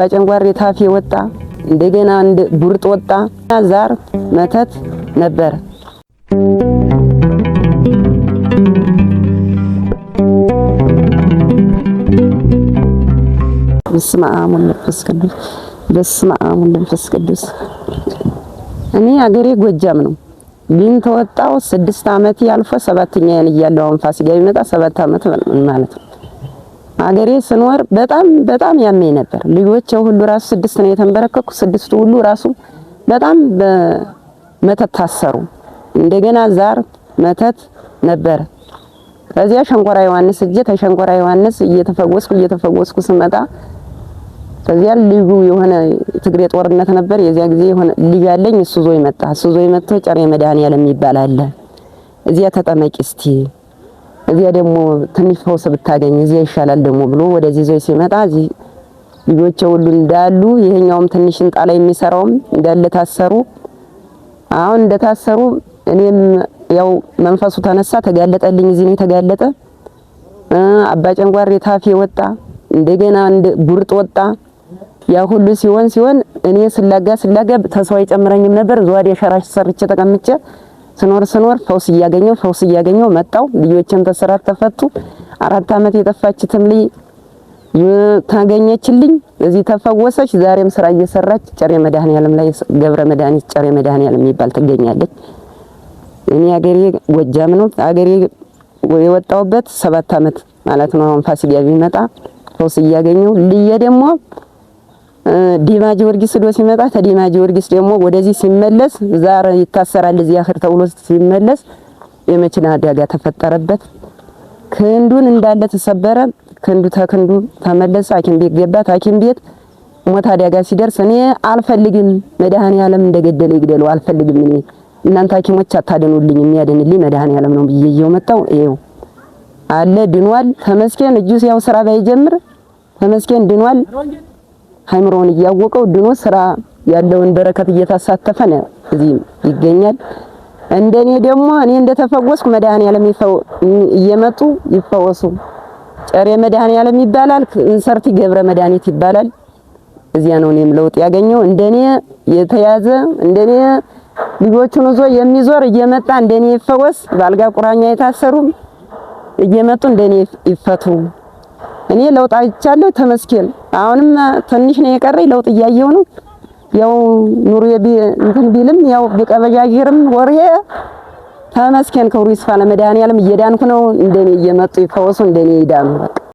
ባጨንጓሬ ታፊ ወጣ፣ እንደገና ቡርጥ ወጣ፣ ዛር መተት ነበር። በስመ አብ ወወልድ ወመንፈስ ቅዱስ። በስመ አብ ወወልድ ወመንፈስ ቅዱስ። እኔ አገሬ ጎጃም ነው፣ ግን ተወጣው ስድስት ዓመት ያልፎ ያን እያለሁ አንፋስ ገቢ መጣ ሰባት አመት ማለት ነው። አገሬ ስንወር በጣም በጣም ያመኝ ነበር። ልጆች ሁሉ ራሱ ስድስት ነው የተንበረከኩ። ስድስቱ ሁሉ ራሱ በጣም በመተት ታሰሩ። እንደገና ዛር መተት ነበር። ከዚያ ሸንኮራ ዮሐንስ እጄ ተሸንኮራ ዮሐንስ እየተፈወስኩ እየተፈወስኩ ስመጣ ከዚያ ልዩ የሆነ ትግሬ ጦርነት ነበር። የዚያ ጊዜ የሆነ ልጅ ያለኝ እሱ ዞይ መጣ እሱ ዞይ መጥቶ ጨሬ መድኃኔዓለም ይባላል እዚያ ተጠመቂ እስቲ እዚያ ደግሞ ትንሽ ፈውስ ብታገኝ እዚያ ይሻላል ደግሞ ብሎ ወደዚህ ይዞ ሲመጣ እዚህ ልጆቼ ሁሉ እንዳሉ ይሄኛውም ትንሽ እንጣ ላይ የሚሰራውም እንዳለ ታሰሩ። አሁን እንደታሰሩ እኔም ያው መንፈሱ ተነሳ ተጋለጠልኝ። እዚህ ነው ተጋለጠ። አባ ጨንጓሬ ታፌ ወጣ፣ እንደገና ጉርጥ ወጣ። ያ ሁሉ ሲሆን ሲሆን እኔ ስላጋ ስላጋ ተሰው አይጨምረኝም ነበር። ዘዋዴ ሸራሽ ሰርቼ ተቀምጬ ስኖር ስኖር ፈውስ እያገኘው ፈውስ እያገኘው መጣው። ልጆችን ተስራት ተፈቱ። አራት አመት የጠፋችትም ልጅ ታገኘችልኝ እዚህ ተፈወሰች። ዛሬም ስራ እየሰራች ጨሬ መድኃኔዓለም ላይ ገብረ መድኃኒት ጨሬ መድኃኔዓለም የሚባል ትገኛለች። እኔ አገሬ ጎጃም ነው። አገሬ የወጣውበት ሰባት ዓመት ማለት ነው። አሁን ፋሲካ ቢመጣ ፈውስ እያገኘው ልዬ ደግሞ ዲማ ጊዮርጊስ ዶ ሲመጣ ተዲማ ጊዮርጊስ ደግሞ ወደዚህ ሲመለስ ዛር ይታሰራል እዚህ አኸር ተብሎ ሲመለስ የመኪና አደጋ ተፈጠረበት። ክንዱን እንዳለ ተሰበረ። ክንዱ ተክንዱ ተመለሰ። ሐኪም ቤት ገባ። ሐኪም ቤት ሞት አደጋ ሲደርስ እኔ አልፈልግም፣ መድኃኔዓለም እንደገደለ ይግደሉ፣ አልፈልግም። እኔ እናንተ ሐኪሞች አታድኑልኝ፣ የሚያድንልኝ መድኃኔዓለም ነው ብዬ ይየው መጣው። ይሄው አለ ድኗል። ተመስገን እጁ ያው ስራ ባይጀምር ተመስገን ድኗል። ሀይምሮውን እያወቀው ድኖ ስራ ያለውን በረከት እየተሳተፈ ነው እዚህ ይገኛል። እንደኔ ደግሞ እኔ እንደተፈወስኩ ይፈው እየመጡ ይፈወሱ። ጨሬ መድኃኔዓለም ይባላል፣ እንሰርት ገብረ መድኃኒት ይባላል። እዚያ ነው እኔም ለውጥ ያገኘው። እንደኔ የተያዘ እንደኔ ልጆቹን ዞ የሚዞር እየመጣ እንደኔ ይፈወስ። ባልጋ ቁራኛ የታሰሩም እየመጡ እንደኔ ይፈቱ። እኔ ለውጥ አይቻለሁ፣ ተመስገን። አሁንም ትንሽ ነው የቀረኝ፣ ለውጥ እያየሁ ነው። ያው ኑሮ እንትን ቢልም ያው ቢቀበዣዥርም ወርሄ ተመስገን። ክብሩ ይስፋ ለመድኃኔዓለም። እየዳንኩ ነው። እንደኔ እየመጡ ይፈወሱ፣ እንደኔ ይዳኑ።